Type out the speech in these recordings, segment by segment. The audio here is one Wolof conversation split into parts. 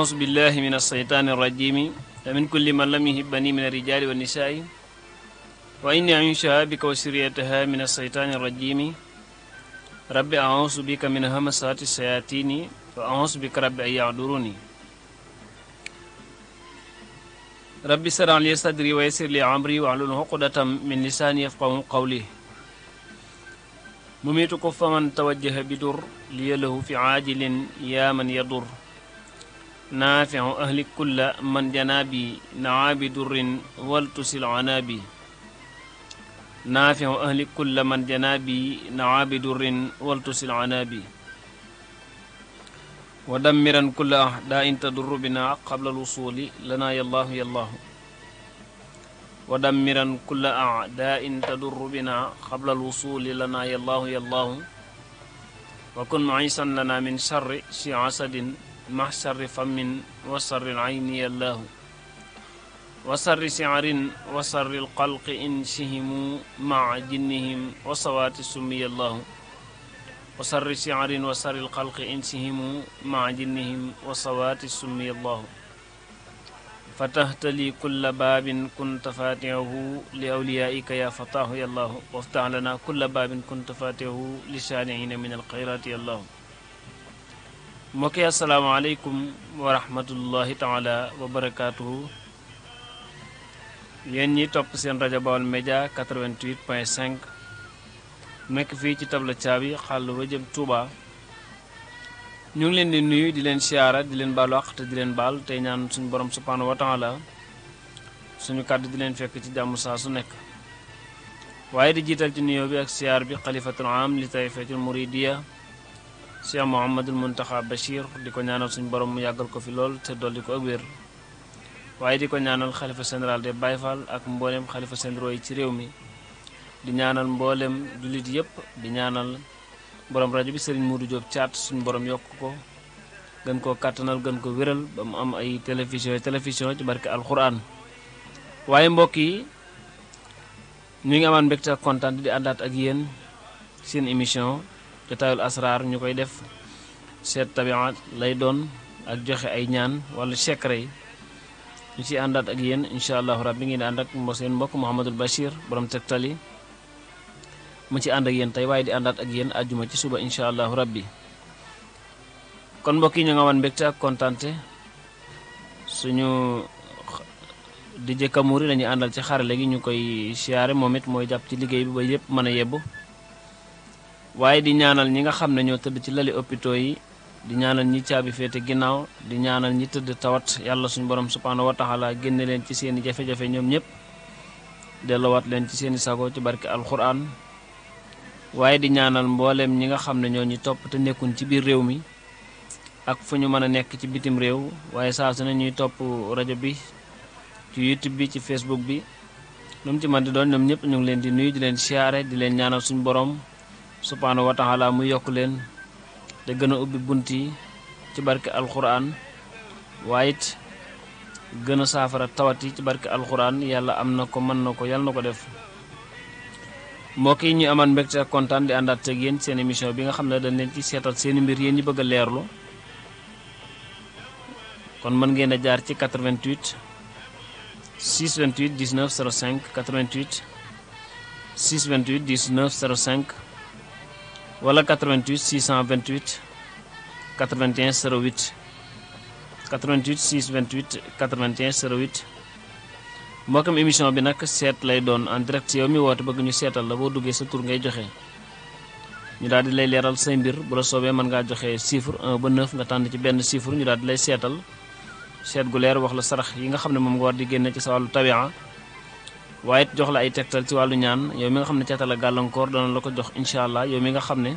أعوذ بالله من الشيطان الرجيم ومن كل من لم يحبني من الرجال والنساء وإني أعيشها بك وسريتها من الشيطان الرجيم رب أعوذ بك من همسات الشياطين وأعوذ بك رب أن يعذروني رب اشرح لي صدري ويسر لي أمري واحلل عقدة من لساني يفقهوا قولي مميت كف من توجه بدر لي له في عاجل يا من يضر naafiu ahli kulla man janaabi naabi durrin waltusil anaabi naafiu ahli kulla man janaabi naabi durrin waltusil anaabi wa dammiran kulla ahdain tadurru bina qabla alwusuli lana yallaahu yallaahu wa dammiran kulla ahdain tadurru bina qabla alwusuli lana yallaahu yallaahu wa kun muisan lana min charri si asadin ma sarri fammin wa sarri ayni yallaahu wa sarri siarin wa sarri lxalqi insihimu maa jinnihim wa sawaati summi yallaahu wa sarri siarin wa sarri lxalqi insihimu maa jinnihim wa sawaati summi yallaahu fatahtali kulla baabin kunta faatihahu li awliyaika ya fataahu yallaahu waftax lana kulla baabin kunta faatihahu li saaniina min alxayraati yallaahu mbokk yi asalaamaaleykum wa rahmatullahi taala wa barakaatuhu yéen ñi topp seen rajo Baol Média 88 point 5 nekk fii ci tabla caabi xàll ba jëm Touba ñu ngi leen di nuyu di leen siyaara di leen baalu àq te di leen baal tey ñaan suñu borom subhaanahu wa taala suñu kàddu di leen fekk ci jàmm saa su nekk waaye di jiital ci nuyoo bi ak siyaar bi xalifatul am li tayfatul muridiya Cheikh Mouhamadul Mountakha Bachir di ko ñaanal suñu borom mu yàggal ko fi lool te dolli ko ak wér waaye di ko ñaanal xalifa général de Baye ak mboolem xalifa généraux yi ci réew mi di ñaanal mboolem jullit yépp di ñaanal borom rajo bi Serigne Modou Diop Thiat suñu boroom yokk ko gën koo kàttanal gën ko wéral ba mu am ay télévision télévision ci barke alxuraan waaye mbokk yi ñu ngi amaan mbégte ak kontaan di àndaat ak yéen seen émission. xitaayul asraar ñu koy def seet tabiat lay doon ak joxe ay ñaan wala secret yi ñu ciy àndaat ak yéen incha allahu rabbi ngi ànd ak mbo mbokk Mouhamadul Bachir borom tegtal yi mu ci ànd ak tey waaye di àndaat ak yéen àjjuma ci suba incha allahu rabbi kon mbokk yi ñu nga wan mbégte ak kontante suñu DJ Kamouri la ñuy àndal ci xarale gi ñu koy siyaare moom it mooy jàpp ci liggéey bi ba yëpp mën a yebbu waaye di ñaanal ñi nga xam ne ñoo tëdd ci lali hôpitaux yi di ñaanal ñi caabi féete ginnaaw di ñaanal ñi tëdd tawat yàlla suñu borom subhaanahu wa taala génne leen ci seeni jafe-jafe ñoom ñëpp dellowaat leen ci seeni sago ci barke alxuraan waaye di ñaanal mbooleem ñi nga xam ne ñoo ñu topp te nekkuñ ci biir réew mi ak fu ñu mën a nekk ci bitim réew waaye saa su ne ñuy topp rajo bi ci youtube bi ci facebook bi lu mu ci mën di doon ñoom ñëpp ñu ngi leen di nuyu di leen siyaare di ñaanal suñu borom subhaanahu wa taala mu yokk leen te gën a ubbi bunt yi ci barke alxuraan waaye it gën a saafara tawat yi ci barke alxuraan yàlla am na ko mën na ko yàlla na ko def mbokk yi ñu amaan mbégte kontaan di àndaat ak seen émission bi nga xam ne dañ leen ci seetal seeni mbir yéen ñi bëgg a leerlu kon mën ngeen a jaar ci 88 628 19 05 88 628 19 05 wala 88 628 81 08 88 628 81 08 mbokkam émission bi nag seet lay doon en direct yow mi woote bëgg ñu seetal la boo duggee sa tur ngay joxe ñu daal di lay leeral say mbir bu la soobee mën ngaa joxe chiffre 1 ba 9 nga tànn ci benn chiffre ñu daal di lay seetal seet gu leer wax la sarax yi nga xam ne moom nga war di génne ci sa wàllu tabi'a waaye it jox la ay tegtal ci wàllu ñaan yow mi nga xam ne tegtal ak gàllankoor dana la ko jox incha allah yow mi nga xam ne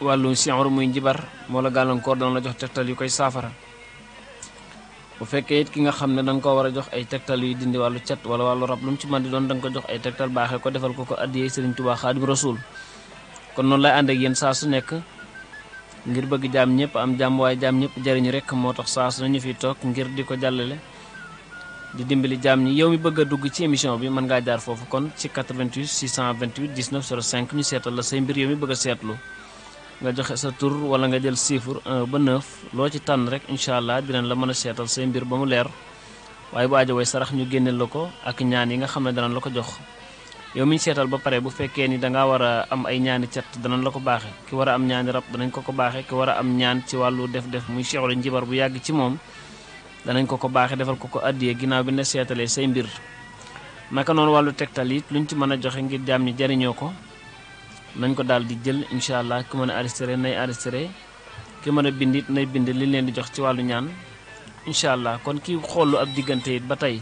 wàllu sianr muy jibar moo la gàllankoor dana la jox tegtal yu koy saafara bu fekkee it ki nga xam ne da ko war a jox ay tegtal yuy dindi wàllu cet wala wàllu rab lu mu ci man di doon da nga ko jox ay tegtal baaxee ko defal ko ko addiyee Sëriñ Tuubaa Xaadim Rasuul kon noonu lay ànd ak yéen saa su nekk ngir bëgg jaam ñëpp am jàmm waaye jaam ñëpp jëriñu rek moo tax saa su nañu fi toog ngir di ko jàllale di dimbali jaam ñi yow mi bëgg a dugg ci émission bi mën ngaa jaar foofu kon ci 88 628 19 05 ñu seetal la say mbir yow mi bëgg a seetlu nga joxe sa tur wala nga jël chiffre ba 9 loo ci tànn rek incha allah dinañ la mën a seetal say mbir ba mu leer waaye bu aajo way sarax ñu génneel la ko ak ñaan yi nga xam ne danañ la ko jox yow mu ñu seetal ba pare bu fekkee ni dangaa war am ay ñaani cet danañ la ko baaxe ki war a am ñaani rab danañ ko ko baaxe ki war a am ñaan ci wàllu def-def muy cheikhul njibar bu yàgg ci moom danañ ko ko baaxee defal ko ko addiye ginnaaw bi ne seetalee say mbir naka noonu wàllu tegtal it luñ ci mën a joxe ngir jaam ñi jariñoo ko nañ ko daal di jël incha allah ki mën a aristéré nay aristéré ki mën a bind it nay bind liñ leen di jox ci wàllu ñaan incha allah kon ki xoolu ab diggante it ba tey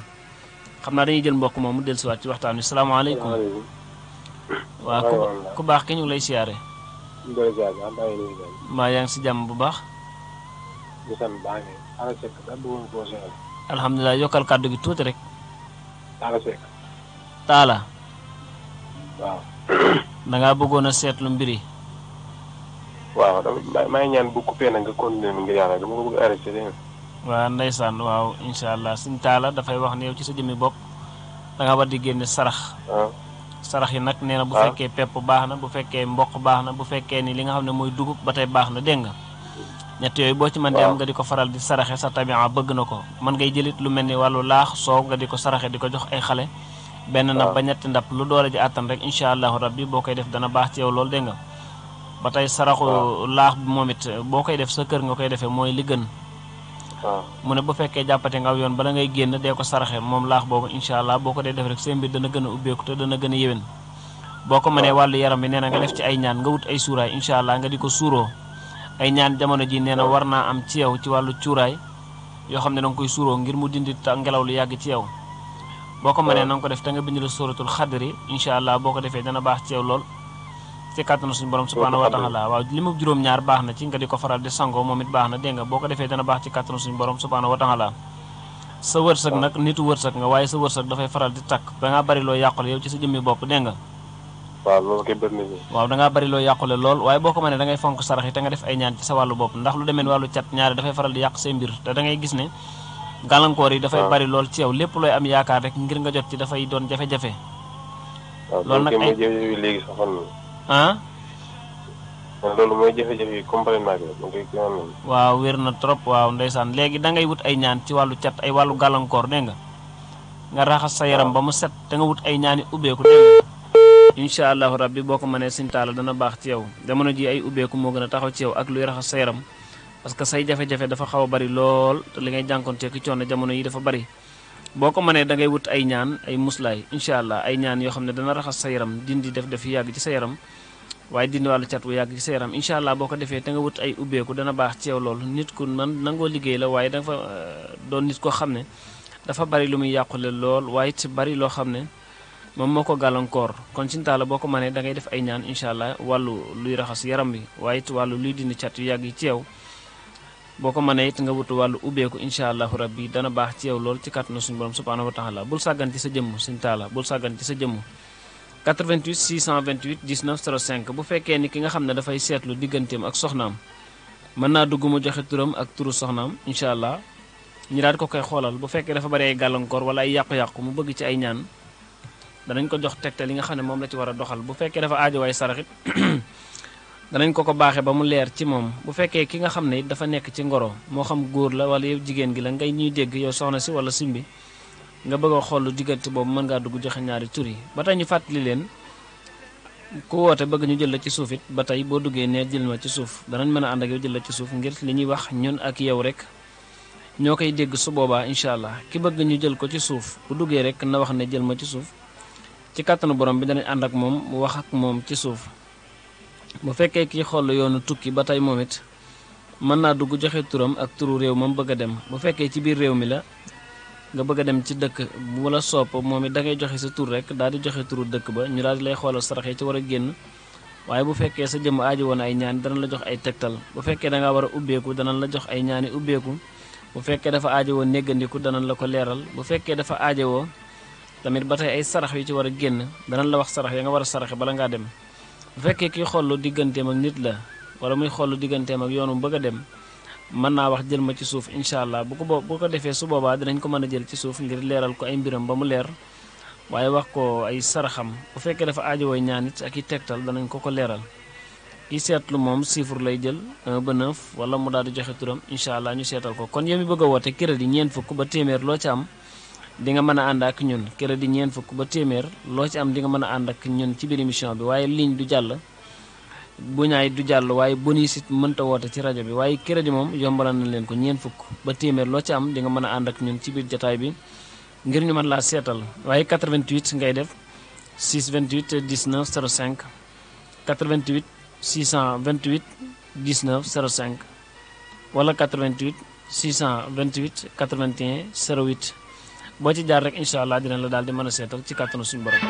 xam naa dañuy jël mbokk moomu dellusiwaat ci waxtaan wi salaamaaleykum. waaw ku ku baax ki ñu lay siyaare. maa yaa ngi si jàmm bu baax. bu alhamdulilah yokkal kàddu gi tuuti rek. taala. waaw. da ngaa bëggoon a seetlu mbir yi. waaw maa ngi ñaan bu coupé na nga continuer ngir a arrêté dégg waaw ndeysaan waaw incha allah suñ taala dafay wax ne yow ci sa jëmmi bopp danga nga war di génne sarax. sarax yi nag nee na bu fekkee pepp baax na bu fekkee mboq baax na bu fekkee ni li nga xam ne mooy dugub ba tey baax na dégg nga. ñett yooyu boo ci mën di am nga di ko faral di saraxe sa tabia bëgg na ko man ngay jëlit lu mel ni wàllu laax soow nga di ko saraxe di ko jox ay xale benn ndab ba ñetti ndab lu doole ji àttan rek incha allahu rabbi boo koy def dana baax ci loolu dégg nga ba tey saraxu laax moom it boo koy def sa kër nga koy defee mooy li gën mu ne bu fekkee jàppate nga aw yoon bala ngay génn dee ko saraxe moom laax incha allah boo ko dee def rek seen mbir dana gën a ubbeeku te dana gën a yéwén boo ko mënee wàllu yaram bi nee na nga def ci ay ñaan nga wut ay suuraay incha allah nga di ko suuroo ay ñaan jamono ji nee na war naa am ci yow ci wàllu cuuraay yoo xam ne da nga koy suuroo ngir mu dindi ngelaw lu yàgg ci yow boo ko ma na nga ko def te nga bind la sóoratul xadri incha allah boo ko defee dana baax ci lool ci kàttanu suñu borom subhaanahu wa taala waaw li mu juróom-ñaar baax na ci nga di ko faral di sangoo moom it baax na dégg nga boo ko defee dana baax ci kàttanu suñu borom subhaanahu wa taala sa wërsëg nag nitu wërsëg nga waaye sa wërsëg dafay faral di takk da bari loo yàqul yow ci sa jëmmi bopp dégg waaw loolu kay waaw ngaa bëri loo yàqule lool waaye boo ko mënee da ngay fonk sarax yi te nga def ay ñaan ci sa wàllu bopp ndax lu demeen wàllu cat ñaare dafay faral di yàq say mbir te da ngay gis ne gàllankoor yi dafay bari lool ci yow lépp looy am yaakaar ngir nga jot ci dafay doon jafe nag ay léegi loolu mooy jafe-jafe yi complètement waaw wér na trop waaw ndeysaan léegi da ngay wut ay ñaan ci wàllu cat ay wàllu gàllankoor dégg nga nga raxas sa yaram ba mu set te nga wut ay ñaan yi ubbeeku dégg incha allahu bi boo ko mënee suñ taala dana baax ci yow jamono ji ay ubbeeku moo gën a taxaw ci yow ak luy raxas sa yaram parce que say jafe-jafe dafa xaw a bari lool te li ngay jànkoonte ki coono jamono yi dafa bari boo ko mënee da ngay wut ay ñaan ay muslaay incha allah ay ñaan yoo xam ne dana raxas sa yaram dindi def def yàgg ci sa yaram waaye dindi wàllu cat bu yàgg ci sa incha allah boo ko defee te nga wut ay ubbeeku dana baax ci loolu nit ku man nangoo liggéey la waaye dafa euh, doon nit koo xam ne dafa bari lu muy yàqule lool waaye ci bari loo xam ne moom moo ko gàllankoor kon sintaala boo ko mënee da ngay def ay ñaan incha allah wàllu luy raxas yaram wi waaye it wàllu luy dindi cat yu yàgg yi ci yow boo ko mënee it nga wut wàllu ubbeeku incha allahu rabbi dana baax ci yow lool ci kàttanu suñu borom subhaanahu wa taala bul sàggan ci sa jëmm sintaala bul sàggan ci sa jëmm 88 628 19 05 bu fekkee ni ki nga xam ne dafay seetlu digganteem ak soxnaam mën naa dugg mu joxe turam ak turu soxnaam incha allah ñu daal ko koy xoolal bu fekkee dafa bari gàllankoor wala ay yàqu-yàqu mu bëgg ci ay ñaan danañ ko jox tegtal li nga xam ne moom la ci war a doxal bu fekkee dafa aajowaay saraxit danañ ko ko baaxee ba mu leer ci moom bu fekkee ki nga xam ne it dafa nekk ci ngoro moo xam góor la wala yow jigéen gi la ngay ñuy dégg yow soxna si wala simbi nga bëgg a xool diggante boobu mën ngaa dugg joxe ñaari tur yi ba tey ñu fàttali leen ku woote bëgg ñu jël la ci suuf it ba tey boo duggee nee jël ma ci suuf danañ mën a ànd ak yow jël la ci suuf ngir li ñuy wax ñun ak yow rek ñoo koy dégg su boobaa incha allah ki bëgg ñu jël ko ci suuf bu duggee na wax ne jël ma ci suuf ci kàttanu borom bi danañ ànd ak moom wax ak moom ci suuf bu fekkee kii xool yoonu tukki ba tey moom it mën naa dugg joxe turam ak turu réew moom bëgg a dem bu fekkee ci biir réew mi la nga bëgg a dem ci dëkk bu la sopp moom it dangay joxe sa tur rek daal di joxe turu dëkk ba ñu daal di lay xoolal sarax yi ci war a génn waaye bu fekkee sa jëmm aaji woon ay ñaan dana la jox ay tegtal bu fekkee danga war a ubbeeku dana la jox ay ñaani ubbeeku bu aajo woo néggandiku la ko leeral tamit ba tey ay sarax yu ci war a génn danañ la wax sarax yi nga war a saraxe bala ngaa dem bu fekkee kiy xool lu digganteem ak nit la wala muy xool lu digganteem ak yoonu bëgg a dem mën naa wax jël ma ci suuf incha allah bu ko bo boo ko defee su boobaa dinañ ko mën a jël ci suuf ngir leeral ko ay mbiram ba mu leer waaye wax ko ay saraxam bu fekkee dafa aajowooy ñaan it ak i tegtal danañ ko ko leeral ki seetlu moom chiffre lay jël 1 ba 9 wala mu daal di joxe turam incha allah ñu seetal ko kon yow mi bëgg a woote crédit ñeent fukk ba téeméer loo ci am di nga mën a ànd ak ñun crédit ñeent fukk ba téeméer loo ci am di nga mën a ànd ak ñun ci biir émission bi waaye ligne du jàll bu ñaay du jàll waaye bonus it mënta woote ci rajo bi waaye crédit moom yombalal na leen ko ñeen fukk ba téeméer loo ci am di nga mën a ànd ak ñun ci biir jataay bi ngir ñu mën laa seetal waaye 88 ngay def sero 628 19 05 88 628 19 05 wala 88 628 81 08 boo ci jaar rek incha allah di mën a seetal ci kàttanu suñu borom.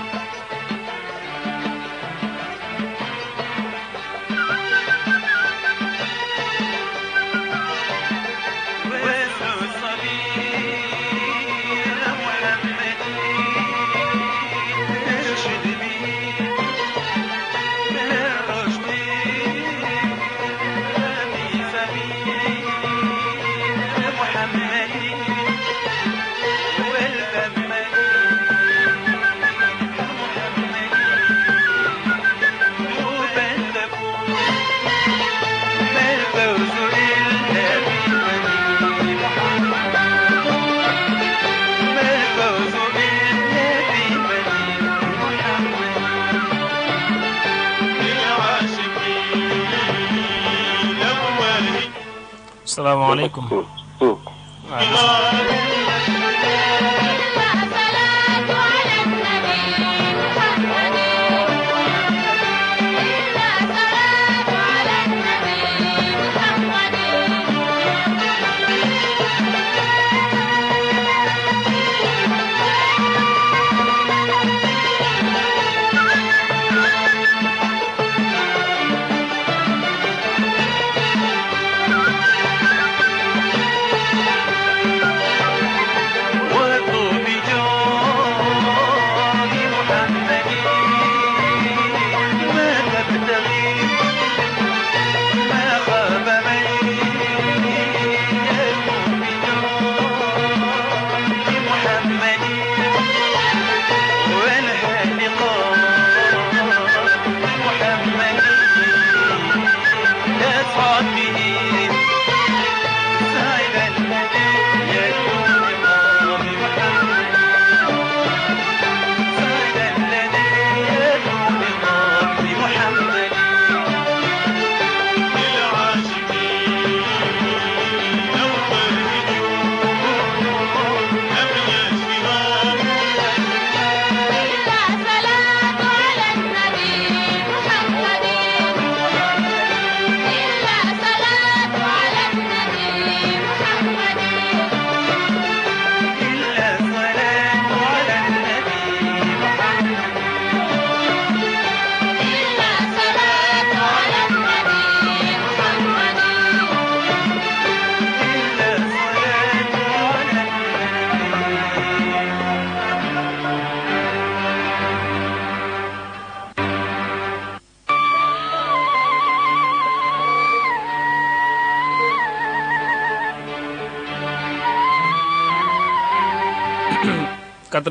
salaamaaleykum. waaw.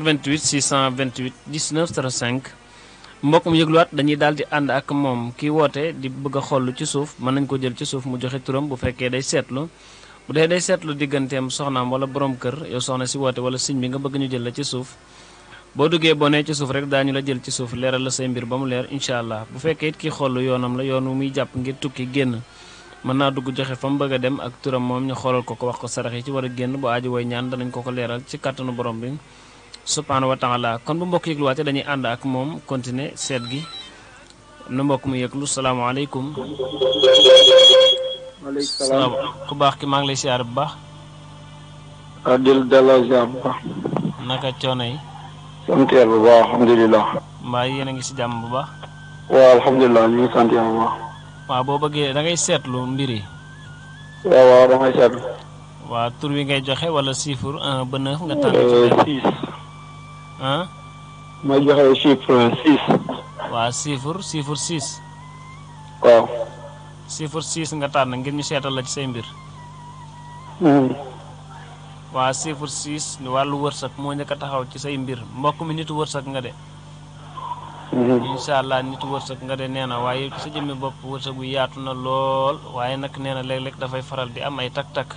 88 628 19 05 mbokk mu yëgluwaat dañuy daal di ànd ak moom ki woote di bëgg a xoll ci suuf mën nañ ko jël ci suuf mu joxe turam bu fekkee day seetlu bu dee day seetlu digganteem soxnaam wala borom kër yow soxna si woote wala siñ bi nga bëgg ñu jël la ci suuf boo duggee boo nee ci suuf rek daañu la jël ci suuf leeral la say mbir ba mu leer incha allah bu fekkee it kii xoll yoonam la yoon wu muy jàpp ngir tukki génn mën naa dugg joxe fa mu bëgg a dem ak turam moom ñu xoolal ko ko wax ko sarax ci war a génn bu aaju way ñaan danañ ko ko leeral ci kàttanu borom bi subhaanahu wa la kon bu mbokk yëgluwaatee dañuy ànd ak moom continuer seet gi am mbokk mu yëglu salaamaaleykum. maaleykum salaam ku baax ki maa ngi lay siyaar bu baax. Adil Dalla ziar bu naka coono yi. bu baax alhamdulilah. mbaa yéen a ngi ci jàmm bu baax. waaw alhamdulilah ñu boo bëggee da ngay seetlu mbir yi. waaw waaw da seetlu. waaw tur wi ngay joxe wala chiffre un ba neuf nga tànn. Euh, ah. ma joxe chiffre six. waaw chiffre chiffre six. nga tànn ngir ñu seetal la ci say mbir. Hmm. waaw chiffre six wàllu wërsëg moo njëkk a taxaw ci say mbir mbokk mi nitu wërsëg nga de. Hmm. incha allah nitu wërsëg nga de nee na waaye ci sa jëmmi bopp wërsëgu yaatu na lool waaye nag nee na léeg dafay faral di am ay takk-takk.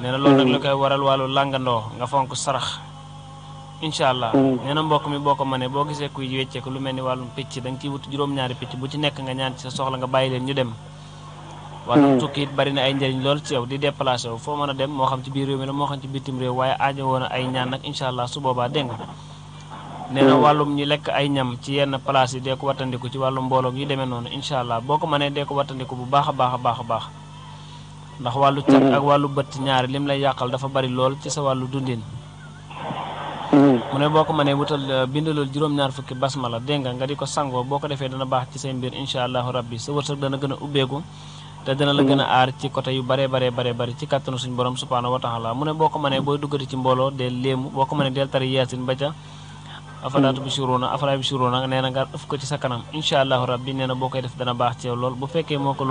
nee na loolu nag lu koy waral wàllu làngandoo nga fonk sarax. incha allah mm. na mbokk mi boo ko mënee boo gisee kuy wecceeku lu mel ni wàllum picc da nga ciy wut juróom-ñaari picc bu ci nekk nga ñaan ci sa soxla nga bàyyi leen ñu dem wàllum mm. tukki it bari na ay njëriñ lool ci yow di déplacé wu foo mën a dem moo xam ci biir réew mi la moo xam ci bitim réew waaye aajo woon ay ñaan nag incha su boobaa dégg nga nee na mm. wàllum ñu lekk ay ñam ci yenn place yi dee ko wattandiku ci wàllu mbooloo yi deme noonu incha allah boo ko mënee dee ko wattandiku bu baax a baax a baax ndax wàllu cat ak wàllu bëtt ñaari lim lay yàqal dafa bari lool ci sa wàllu dundin mu ne boo ko mënee wutal euh, bindalul juróom-ñaar fukki basmala dégg nga nga di ko sangoo boo ko defee dana baax ci say mbir incha allahu rabbi sa wërsëg dana gën a ubbeeku te dana la gën aar ci côté yu bare bare bare bari ci kàttanu suñu borom subhaanahu wa mu ne boo ko mënee booy duggati ci mbooloo deel léemu boo ko mënee deel tari yaasin ba ca afalaatu bi suruna afalaat bi suruna nee na nga ëf ko ci sa kanam incha allahu rabbi nee na boo koy def dana baax ci lool bu fekkee moo ko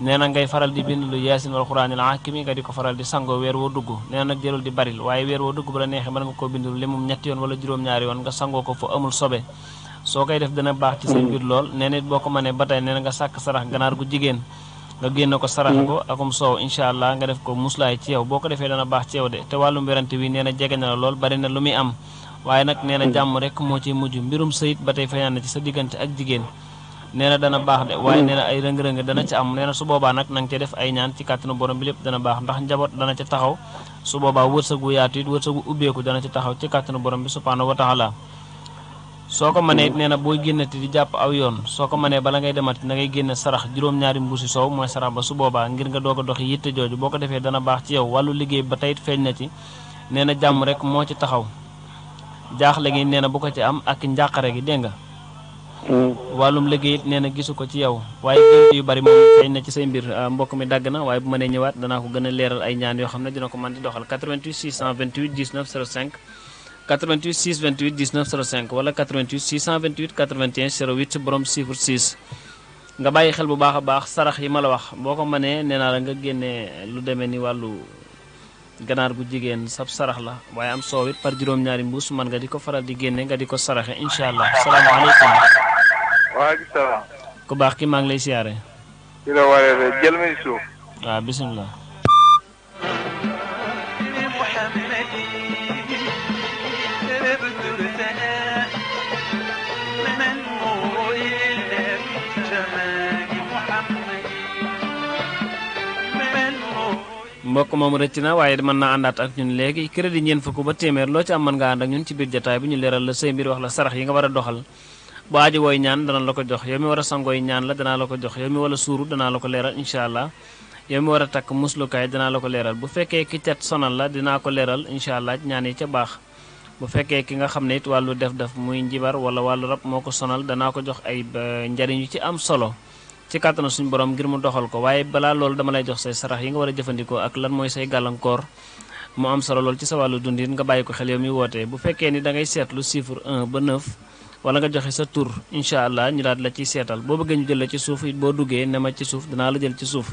nee na ngay faral di bind lu yaasin wal xuraanil hakimi nga di ko faral di sangoo weer woo dugg nee na nag jërul di baril waaye weer woo dugg ba la neexee mën nga koo bind li mum ñetti yoon wala juróom-ñaari yoon nga sangoo ko fu amul sobe soo koy def dana baax ci sa biir lool nee na boo ko mënee ba tey nee nga sàkk sarax ganaar gu jigéen nga génn ko sarax ko hmm. akum soow incha allah nga def ko muslaay ci yow boo ko defee dana baax ci yow te wàllum werante nee na jege na lool bari na lu muy am waaye nag nee na jàmm rek moo ciy mujj mbirum sëyit ba tey feeñaan na ci sa diggante ak jigéen nee na dana baax de waaye nee na ay rëng-rëng dana ca am nee su boobaa nag na nga ca def ay ñaan ci kàttanu borom bi lépp dana baax ndax njaboot dana ca taxaw su boobaa wërsëgu yaatu it wërsëgu ubbeeku dana ca taxaw ci kàttanu borom bi subhaanahu wa taala soo ko mënee nee na booy génnati di jàpp aw yoon soo ko mënee bala ngay demati na ngay génne sarax juróom-ñaari mbuusi soow mooy sarax ba su boobaa ngir nga doog a dox yitte jooju boo ko defee dana baax ci yow wàllu liggéey ba tey it feeñ na ci nee na jàmm rek moo ci taxaw jaaxle gi nee na bu ko ci am ak njàqare gi dégg nga wàllum liggéey it na gisu ko ci yow waaye gént yu bari moom feeñ na ci say mbir ah, mbokk mi dagg na waaye bu nee ñëwaat danaa ko gën a leeral ay ñaan yoo xam ne dina ko mën di doxal 88 628 19 05 88 628 19 05 wala 88 628 81 08 borom chiffre 6 nga bàyyi xel bu baax a baax sarax yi ma la wax boo ko mënee nee naa la nga génnee lu demee ni wàllu ganaar gu jigéen sab sarax la waaye am soow it par juróom-ñaari mbuus man nga di ko faral di génne nga di ko saraxe incha allah salaamaaleykum waaleykum ku baax ki maa ngi lay siyaare. ki la waree de jël may suuf. waaw bisimilah. mbokk moom rëcc na waaye mën naa àndaat ak ñun léegi crédit ñeent fukk ba téeméer loo ci am mën nga ànd ak ñun ci biir jataay bi ñu leeral la say mbir wax la sarax yi nga war a doxal bu aaji ñaan dana la ko jox yow mi war a sangooy ñaan la danaa la ko jox yow mi wala suuru danaa la ko leeral incha allah yow mi war a takk muslukaay dana la ko leeral bu fekkee ki cat sonal la dinaa ko leeral incha allah ñaan yi baax bu fekkee ki nga xam ne it wàllu def-def muy njibar wala wàllu rab moo ko sonal danaa ko jox ay njariñ yu ci am solo ci kàttanu suñu borom ngir mu doxal ko waaye balaa loolu dama lay jox say sarax yi nga war a jëfandikoo ak lan mooy say gàllankoor mu am solo lool ci sa wàllu dundin nga bàyyi ko xel yow wootee bu fekkee ni da ngay seetlu chiffre 1 ba 9 wala nga joxe sa tur incha allah ñu daal la ci seetal boo bëggee ñu la ci suuf it boo duggee ne ma suuf dinaa la jël ci suuf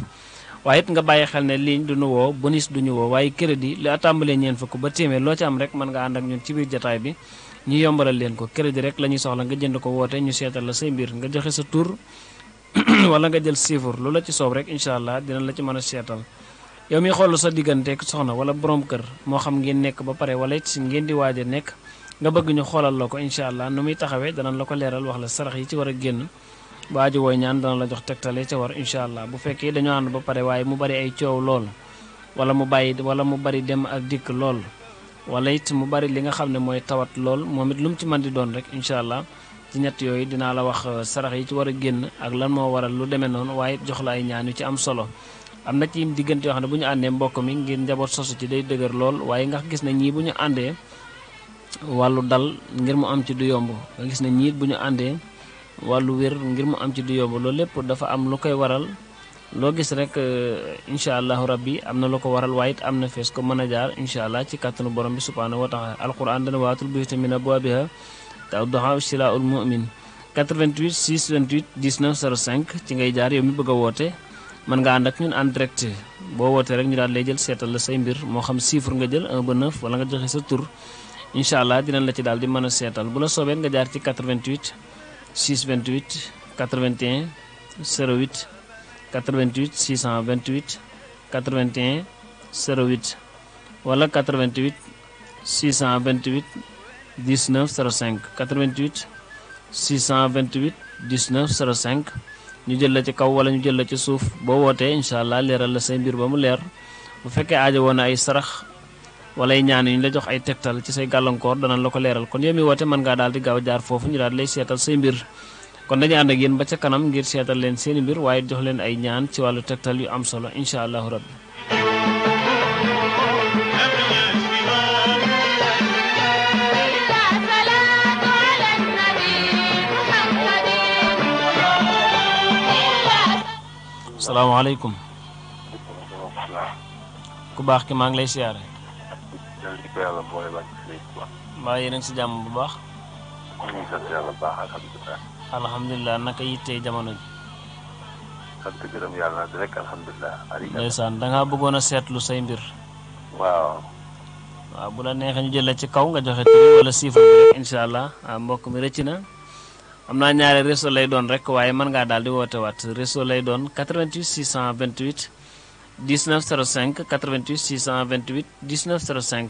waaye it nga bàyyi xel ne ligne du ñu woo bonus du ñu waaye crédit li tàmbalee ñeen fukk ba téeméer loo ci am rek mën nga ànd ci biir jataay bi ñu yombalal leen ko crédit rek la ñuy soxla nga jënd ko woote ñu seetal la say mbir nga joxe sa tur wala nga jël chiffre lu la ci soob rek incha allah dina la ci mën a seetal yow mi xool sa digganteeg soxna wala borom kër moo xam ngeen nekk ba pare wala it ngeen di waaj a nekk nga bëgg ñu xoolal la ko incha allah nu muy taxawee danañ la ko leeral wax la sarax yi ci war a génn bu aju ñaan dana la jox tegtale ca war incha allah bu fekkee dañoo ànd ba pare waaye mu bari ay coow lool wala mu bàyyi wala mu bari dem ak dikk lool wala it mu bari li nga xam ne mooy tawat lool moom it lu mu ci mën di doon rek incha allah ci ñett yooyu dinaa la wax euh, sarax yi ci war a génn ak lan moo waral lu demee noonu waaye jox la ay ñaan yu ci am solo am na ci diggante yoo xam ne bu ñu àndee mbokk mi ngir njaboot sosu ci day dëgër lool waaye nga gis na ñii bu ñu àndee wàllu dal ngir mu am ci du yomb nga gis ne ñiit bu ñu àndee wàllu wér ngir mu am ci du yomb loolu lépp dafa am lu koy waral loo gis rek euh, incha allahu rabbi am na lu ko waral waaye it am na fees ko mën a jaar incha allah ci kàttanu borom bi subhaanahu wa taala alquran dana waatul buyuuta min abwaabiha tad'uhaa silaa'ul mu'min 88 628 19 05 ci ngay jaar yow mi bëgg a woote mën nga ànd ak ñun en direct boo wootee rek ñu daal lay jël seetal la say mbir moo xam chiffre nga jël 1 ba 9 wala nga joxe sa tur incha allah dinañ la ci daal di mën a seetal bu la soobee nga jaar ci 88 628 81 08 88 628 81 08 wala 88 628 19 05 88 628 19 05 ñu jël la ci kaw wala ñu jël la ci suuf boo wootee incha allah leeral la say mbir ba mu leer bu fekkee aajo woon ay sarax walay ñaan yu ñu la jox ay tegtal ci say gàllankoor dana la ko leeral kon yow mi woote mën ngaa daal di gaaw jaar foofu ñu daal lay seetal say mbir kon dañu ànd ak yéen ba ca kanam ngir seetal leen seeni mbir waaye jox leen ay ñaan ci wàllu tegtal yu am solo incha allahu rabbi salaamaaleykum ku baax ki maa ngi lay siyaare yàlla di si jàmm bu baax. ñu ngi sant yàlla bu jamono ji. sant gërëm da ngaa bëggoon a seetlu say mbir. waaw. bu la neexee ñu jëlee ci kaw nga joxe tur wala chiffre bi rek incha allah ah, mbokk mi rëcc na. am naa ñaari réseau lay doon rek waaye mën ngaa daal di woote waat réseau lay doon 88 628 19 vingt 88 628 19 05.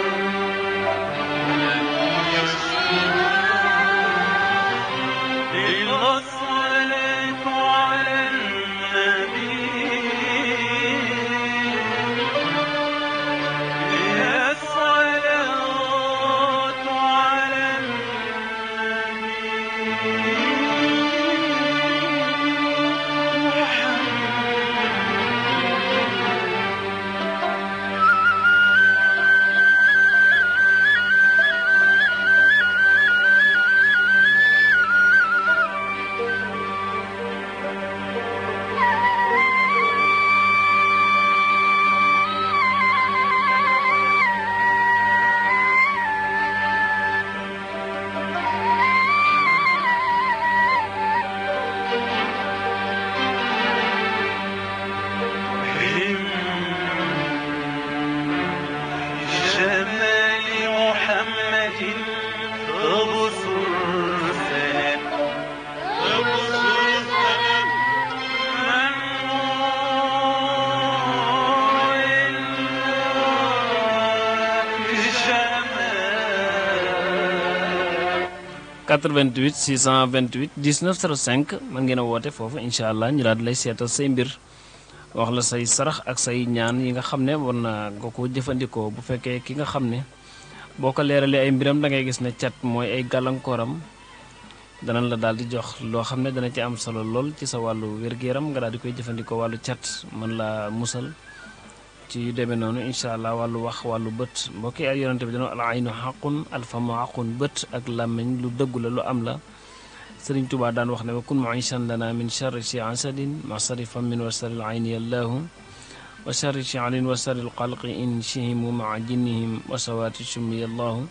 88 628 19 05 mën ngeen woote foofu incha allah ñu daal di lay seetal say mbir wax la say sarax ak say ñaan yi nga xam ne war na nga ko jëfandikoo bu fekkee ki nga xam ne boo ko leeralee ay mbiram da ngay gis ne cat mooy ay gàllankooram danañ la daal di jox loo xam ne dana ci am solo lool ci sa wàllu wér yaram nga daal di koy jëfandikoo wàllu cat man laa musal ci yu demee noonu incha allah wàllu wax wàllu bët mbokki ak yonante bi dana al aynu xaqun alfamu xaqun bët ak làmmiñ lu dëggu la lu am la sëriñ tubaa daan wax ne wa kun muisan lana min charri si asadin ma sari fammin wa sari al ayni yallaahu wa sharri chialin wa sharri alxalqi in chihimu maa jinnihim wa sawaati summi allahu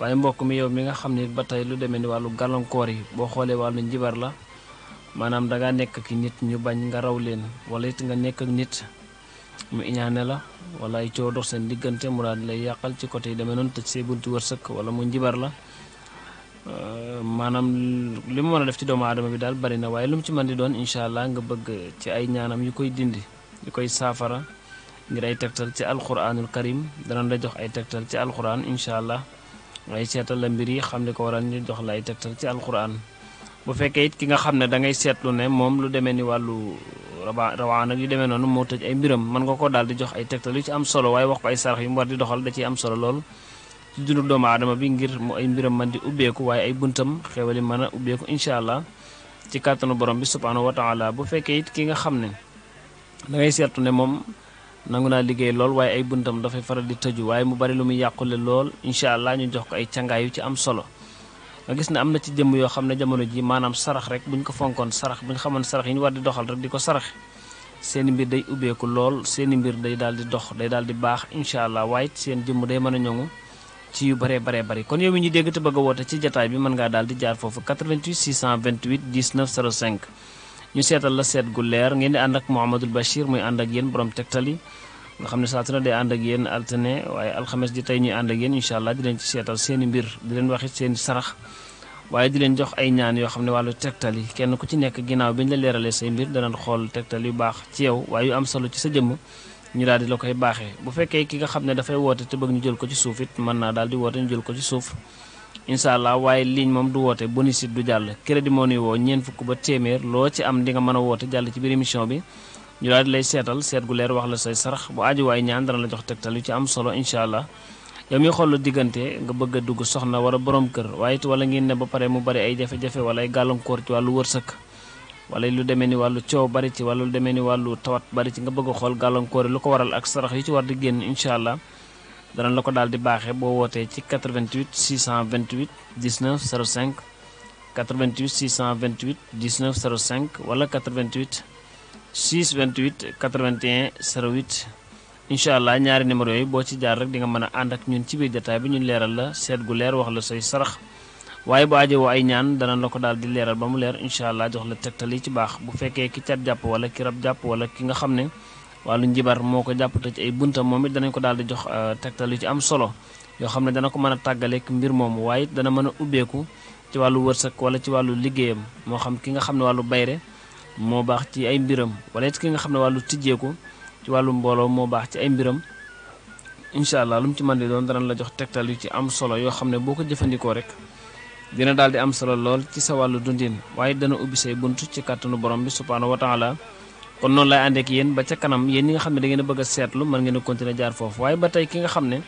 waaye mbokk mi yow mi nga xam ne ba tey lu demee ni wàllu gàllankoor yi boo xoolee wàllu njibar la maanaam dangaa nekk ki nit ñu bañ nga raw mu iñaane la wala ay coow dox seen diggante mu daal di lay yàqal ci côté yi demee noonu tëj see bunti wërsëg wala mu njibar la euh, maanaam li mu mën a def ci doomu adama bi daal bari na waaye lu mu ci man di doon incha allah nga bëgg ci ay ñaanam yu koy dindi yu koy saafara ngir ay tegtal ci alquranul karim danañ da jox ay tegtal ci alquran incha allah ngay seetal la mbir yi xam li ko waral ñu jox la ay tegtal ci alquran bu fekkee it ki nga xam ne da ngay seetlu ne moom lu demee ni wàllu rabaa rawaan nag yu demee noonu moo tëj ay mbiram mën nga ko daal di jox ay tegtal yu ci am solo waaye wax ko ay sarax yu mu war di doxal da ciy am solo lool ci dundu doomu aadama bi ngir mu ay mbiram man di ubbeeku waaye ay buntam xewali mën a ubbeeku incha allah ci kàttanu borom bi subhaanahu wa taala bu fekkee it ki nga xam ne da ngay seetlu ne moom nangu naa liggéey lool waaye ay buntam dafay faral di tëju waaye mu bari lu muy yàqule lool incha allah ñu jox ko ay cangaay yu ci am solo nga gis ne am na ci jëmm yoo xam ne jamono ji maanaam sarax rek buñ ko fonkoon sarax buñ xamoon sarax yi ñu war di doxal rek di ko saraxe seeni mbir day ubbeeku lool seeni mbir day daal di dox day daal di baax incha allah waaye seen jëmm day mën a ñoŋu ci yu bare baree bari kon yow mi ñu dégg te bëgg woote ci jataay bi mën ngaa daal di jaar foofu 88 628 19 05 ñu seetal la seet gu leer ngeen di ànd ak Mouhamadul Bachir muy ànd ak yéen borom tegtali nga xam ne saa su ne day ànd ak yéen altine waaye alxames ji tey ñuy ànd ak yéen incha allah di leen ci seetal seen i mbir di leen waxit seen i sarax waaye di leen jox ay ñaan yoo xam ne wàllu tegtal yi kenn ku ci nekk ginnaaw bi ñu la leeralee say mbir danañ xool tegtal yu baax ci yow waaye yu am solo ci sa jëmm ñu daal di la koy baaxee bu fekkee ki nga xam ne dafay woote te bëgg ñu jël ko ci suuf it mën naa daal di woote ñu jël ko ci suuf incha allah waaye ligne moom du woote bonicide du jàll crédit moo nuy woo ñeen fukk ba téeméer loo ci am di nga mën a woote jàll ci biir émission bi ñu daal di lay seetal seet gu leer wax la say sarax bu aajo waay ñaan dana la jox tegtal yu ci am solo incha allah yow mi xool diggante nga bëgg dugg soxna wara borom kër waaye it wala ngeen ne ba pare mu bari ay jafe-jafe wala ay gàllankoor ci wàllu wërsëg wala lu demee ni wàllu coow bari ci wala lu demee ni wàllu tawat bari ci nga bëgg a xool gàllankoor lu ko waral ak sarax yu ci war di génn incha allah danañ la ko daal di baaxee boo wootee ci 88 628 19 05 88 628 19 05 wala 88. 6 28 81 08 incha allah ñaari numéro yooyu boo ci jaar rek di nga mën a ànd ak ñun ci biir jataay bi ñu leeral la seet gu leer wax la say sarax waaye bu ajowoo ay ñaan dana la ko daal di leeral ba mu leer incha allah jox la tegtal yi ci baax bu fekkee ki cat jàpp wala ki rab jàpp wala ki nga xam ne wàllu njibar moo ko jàpp te ci ay bunta moom it danañ ko daal di jox euh, tegtal yu ci am solo yoo xam ne dana ko mën a tàggaleek mbir moomu waaye dana mën a ubbeeku ci wàllu wërsëg wala ci wàllu liggéeyam moo xam ki nga xam ne wàllu bayre moo baax ci ay mbiram wala it ki nga xam ne wàllu tijjeeku ci wàllu mbooloo moo baax ci ay mbiram incha allah lu mu ci man di doon danañ la jox tegtal yu ci am solo yoo xam ne boo ko jëfandikoo rek dina daal di am solo lool ci sa wàllu dundin waaye dana ubbi say bunt ci kàttanu borom bi subhaanahu wa taala kon noonu lay àndeek yéen ba ca kanam yéen ñi nga xam ne da ngeen a bëgg a seetlu mën ngeen a jaar foofu waaye ba tey ki nga xam ne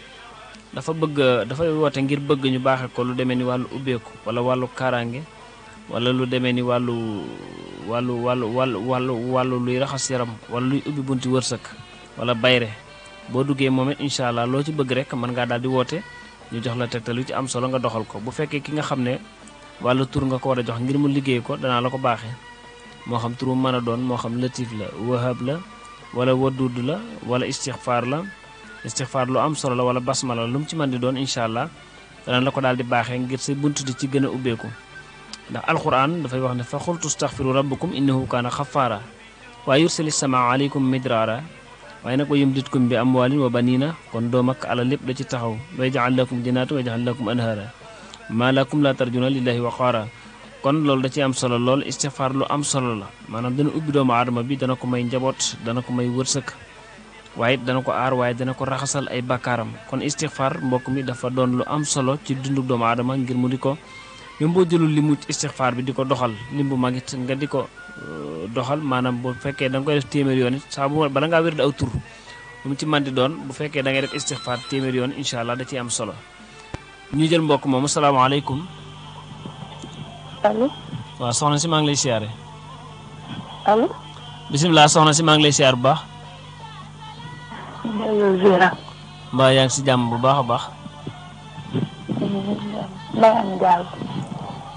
dafa bëgg dafay woote ngir bëgg ñu baaxee ko lu demee ni wàllu ubbeeku wala wàllu kaaraange wala lu demee ni wàllu wàllu wàllu wàllu wàllu wàllu luy raxas yaram wala luy ubbi bunti wërsëg wala bayre boo duggee moom it incha allah loo ci bëgg rek mën ngaa daal di woote ñu jox la tegtal yu ci am solo nga doxal ko bu fekkee ki nga xam ne wàllu tur nga ko war a jox ngir mu liggéey ko danaa la ko baaxee moo xam tur man a doon moo xam latif la wahab la wala waduud la wala istixfaar la istixfaar lu am solo la wala basmala lu mu ci man di doon incha allah danañ la ko daal di baaxee ngir sa bunt di ci gën a ubbeeku ndax alquran dafay wax ne fa xultu staxfiru rabbakum innahu kaana xafaara waaye yursali samaa aleykum midraara waaye na ko yumditkum bi am amwaalin wa baniina kon doom ak alal lépp da ci taxaw wa yajal lakum jannaatin wa yajal lakum anhaara maa lakum laa tarjuna lillahi kon loolu da ci am solo lool istifaar lu am solo la maanaam dana ubbi doomu aadama bi dana ko may njaboot dana ko may wërsëg waaye dana ko aar waaye dana ko raxasal ay bakkaaram kon istifaar mbokk mi dafa doon lu am solo ci dundu doomu aadama ngir mu di ko même boo jëlul limu istixfaar bi di ko doxal lim bu mag it nga di ko euh, doxal maanaam bu fekkee danga koy def téeméer yoon it saa bu bala ngaa wér di aw tur ci man di doon bu fekkee dangay ngay def istixfaar téeméer yoon incha allah da ciy am solo ñu jël mbokk moomu salaamaaleykum. allo. waaw soxna si maa lay siyaare. allo. bisimilah si maa ngi lay siyaar bu baax. mbaa yaa ngi si jàmm bu baax a baax.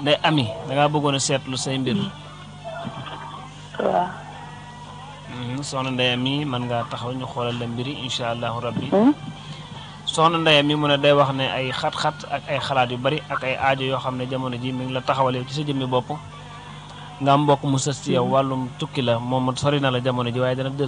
day ami da bëggoon a seetlu say mbir. waaw. Hmm, soxna Ndeye mi mën ngaa taxaw ñu xoolal la mbiri incha allahu rabbi. Hmm? soxna Ndeye mi mu ne day wax ne ay xat-xat ak ay xalaat yu bari ak ay aajo yoo xam ne jamono ji mi ngi la taxawalee ci sa jëmmi bopp. nga mbokk mu sës ci yow wàllum tukki la moom sori jamono ji waaye dana